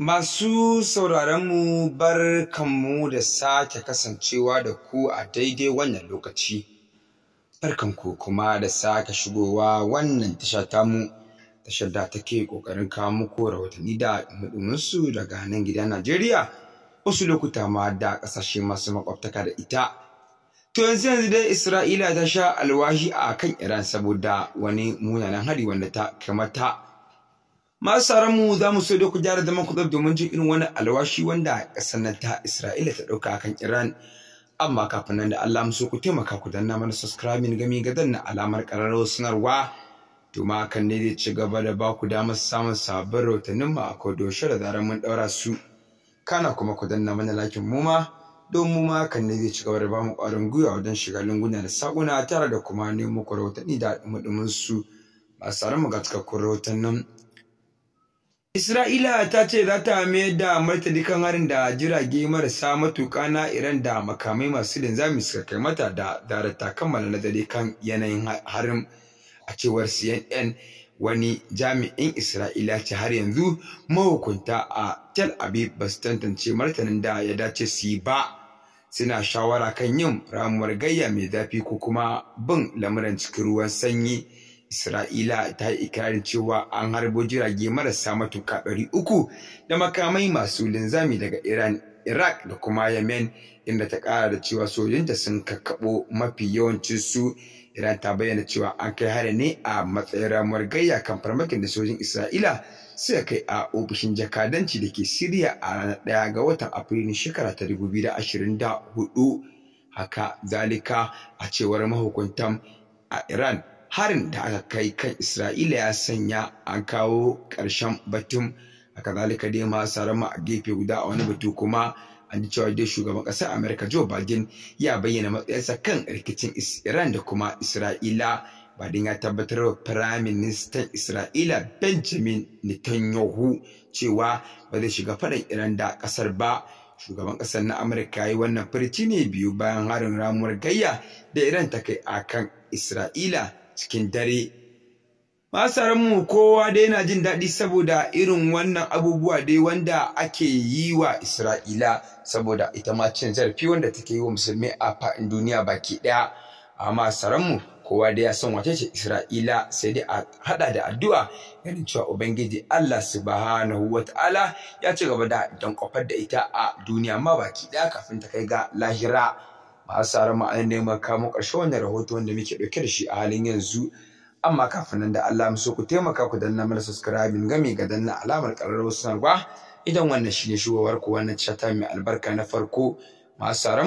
Masu sauraronmu bar kanmu da sake kasancewa da ku a daidai wannan lokaci, barkanku kuma da sake shigowa wannan tasha tamu, tashar da take ƙoƙarin kawo muku rahotanni da ɗumuɗuminsu daga nan gidan Najeriya, wasu lokuta ma da ƙasashe masu makwabtaka da ita. To yanzu yanzu dai Isra'ila ta sha alwashi a kan Iran saboda wani munanan hari wanda ta kamata. masu mu za mu so da ku gyara zaman ku domin jin irin wani alwashi wanda ƙasar nan ta Isra'ila ta ɗauka akan Iran amma kafin nan da Allah mu so ku taimaka ku danna mana subscribing gami ga danna alamar ƙararrawar sanarwa to ma kan ne zai ci gaba da ba ku damar samun sabbin rahotannin mu a kodoshe da zarar mun ɗaura su kana kuma ku danna mana lakin mu ma don mu ma kan ne zai ci gaba da ba mu ƙwarin gwiwa wajen shiga lunguna da sakuna, tare da kuma nemo ku rahotanni da ɗumuɗumin su masu mu ga cikakkun rahotannin Isra'ila ta ce za ta mayar da martani kan harin da jirage marasa matuƙa na Iran da makamai masu linzami suka kai mata da zarar ta kammala nazari kan yanayin harin a cewar CNN wani jami'in Isra'ila ce har yanzu mahukunta a Tel Aviv ba su tantance martanin da ya dace su yi ba suna shawara kan yin ramuwar gayya mai zafi ko kuma bin lamuran cikin ruwan sanyi. Isra'ila ta yi ikirarin cewa an harbo jirage marasa matuka ɗari uku da makamai masu linzami daga Iran, Iraq da kuma Yemen inda ta ƙara da cewa sojinta sun kakaɓo mafi yawancinsu. Iran ta bayyana cewa an kai hari ne a matsayin ramuwar gayya kan farmakin da sojin Isra'ila suka kai a ofishin jakadanci da ke Siriya a ranar ɗaya ga watan Afrilun shekara ta hudu Haka zalika a cewar mahukuntan a Iran harin da aka kai kan Isra'ila ya sanya an kawo ƙarshen batun a kazalika dai ma sarama a gefe guda a wani batu kuma an ji cewa dai shugaban ƙasar Amerika Joe Biden ya bayyana matsayinsa kan rikicin Iran da kuma Isra'ila Biden ya tabbatar wa Firayim Ministan Isra'ila Benjamin Netanyahu cewa ba zai shiga faɗin Iran da ƙasar ba shugaban ƙasar na Amurka yi wannan firci ne biyu bayan harin ramuwar gayya da Iran ta kai akan Isra'ila cikin dare mu kowa dai na jin daɗi saboda irin wannan abubuwa dai wanda ake yi wa isra'ila saboda ita ma cin zarafi wanda take yi wa musulmi a faɗin duniya baki ɗaya amma mu kowa da ya san wace ce Isra'ila sai dai a haɗa da addu'a ganin cewa Ubangiji Allah subhanahu wa ta'ala ya ci gaba da don kofar da ita a duniya ma baki ɗaya kafin ta kai ga lahira. masu tsaron ma'anin neman kamo ƙarshe wannan rahoto wanda muke ɗauke da shi a halin yanzu amma kafin nan da Allah so ku taimaka ku danna mana subscribing gami ga danna alamar ƙararrawar sanarwa idan wannan shine shigowar ku wannan ta mai albarka na farko masu